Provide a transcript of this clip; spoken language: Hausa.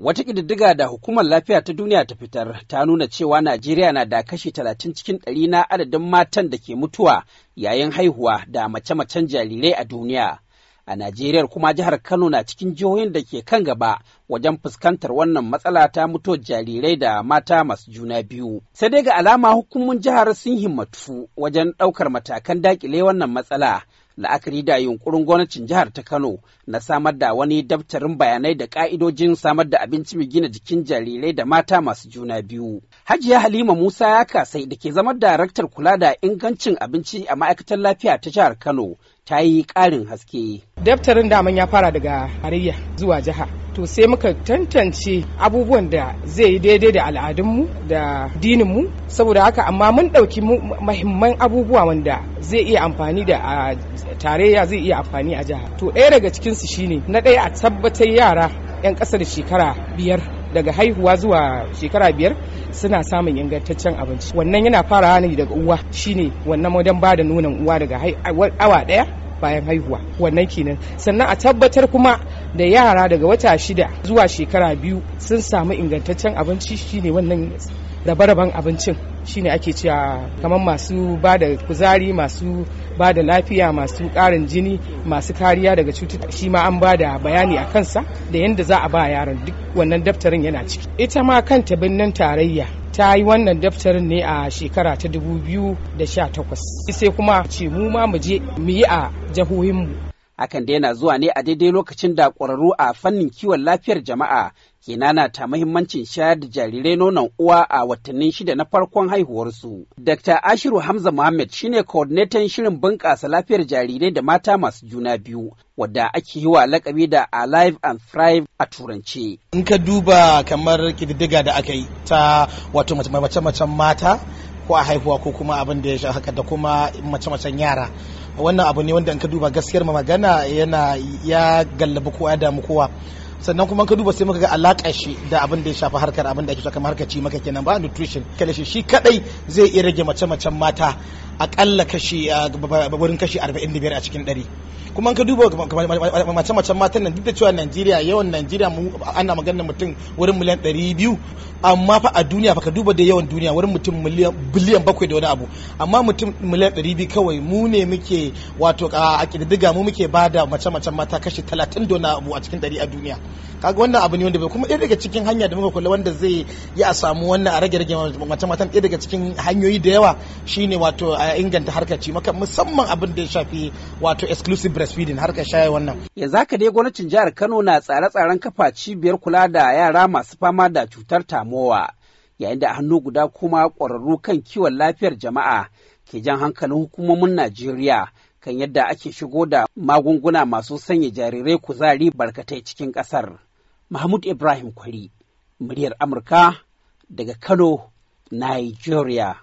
Wata ƙididdiga da Hukumar Lafiya ta Duniya ta fitar ta nuna cewa Najeriya na da kashi talatin cikin ɗari na adadin matan da ke mutuwa yayin haihuwa da mace-macen jarirai a duniya. A Najeriya kuma jihar Kano na cikin jihohin da ke kan gaba wajen fuskantar wannan matsala ta mutuwar jarirai da mata masu juna biyu. Sai dai ga alama hukumomin jihar sun himmatu wajen ɗaukar matakan daƙile wannan matsala. la'akari da yunkurin gwamnatin jihar ta Kano na samar da wani daftarin bayanai da ka'idojin samar da abinci mai gina jikin jarirai da mata masu juna biyu. Hajiya Halima Musa ya kasai da ke zama daraktar kula da ingancin abinci a ma'aikatar lafiya ta jihar Kano ta yi ƙarin haske. Daftarin daman ya fara daga Hariya zuwa jiha. to sai muka tantance abubuwan da zai yi daidai da al'adunmu da dininmu saboda haka amma mun ɗauki mahimman abubuwa wanda zai iya amfani da a tarayya zai iya amfani a jiha to ɗaya daga cikinsu shine na ɗaya a tabbatar yara 'yan ƙasa da shekara biyar daga haihuwa zuwa shekara biyar suna samun ingantaccen abinci wannan yana farawa ne daga uwa shine wannan wajen ba da nonon uwa daga awa ɗaya bayan haihuwa wannan kenan sannan a tabbatar kuma da yara daga wata shida zuwa shekara biyu sun samu ingantaccen abinci shine wannan rabe-raben abincin shine ake cewa kamar masu ba da kuzari masu ba da lafiya masu karin jini masu kariya daga cututtuka shi ma an ba da bayani a kansa da yadda za a ba yaran duk wannan daftarin yana ciki ita ma kanta birnin tarayya ta yi wannan daftarin ne a shekara ta 2018 sai kuma ce mu ma mu je mu yi a jihohinmu akan da yana zuwa ne a daidai lokacin da ƙwararru a fannin kiwon lafiyar jama'a ke nana ta mahimmancin shayar da jarirai nonon uwa a watannin shida na farkon haihuwarsu. Dr. Ashiru Hamza Muhammad shine coordinator shirin bunƙasa lafiyar jarirai da mata masu juna biyu, wadda ake yi wa lakabi da Alive and Thrive a Turance. In ka duba kamar ƙididdiga da aka yi ta wato mace-macen mata ko a haihuwa ko kuma abin da ya sha haka da kuma mace-macen yara wannan abu ne wanda in ka duba gaskiyar magana yana ya gallabi kowa ya damu kowa sannan kuma ka duba sai muka ga alaƙa shi da abin da ya shafi harkar abin da ake so kamar harkar maka kenan ba nutrition kala shi shi kadai zai iya rage mace-macen mata akalla kashi a wurin kashi 45 a cikin 100 kuma ka duba mace-macen matan nan duk da cewa Najeriya yawan Najeriya ana maganar mutum wurin miliyan 200 amma fa a duniya fa ka duba da yawan duniya wurin mutum miliyan biliyan bakwai da wani abu amma mutum miliyan 200 kawai mu ne muke wato a kididdiga mu muke bada mace-macen mata kashi 30 da wani abu a cikin 100 a duniya kaga wannan abu ne wanda bai kuma ɗaya daga cikin hanya da muka kula wanda zai yi a samu wannan a rage rage mace matan ɗaya daga cikin hanyoyi da yawa shine wato a inganta harkar maka musamman abin da ya shafi wato exclusive breastfeeding harkar shayar wannan Ya za ka dai gwamnatin jihar Kano na tsare-tsaren kafa cibiyar kula da yara masu fama da cutar tamowa yayin da hannu guda kuma kwararru kan kiwon lafiyar jama'a ke jan hankalin hukumomin Najeriya kan yadda ake shigo da magunguna masu sanya jarirai kuzari barkatai cikin ƙasar. Mahmud Ibrahim Kwari, muryar Amurka daga Kano, Nigeria.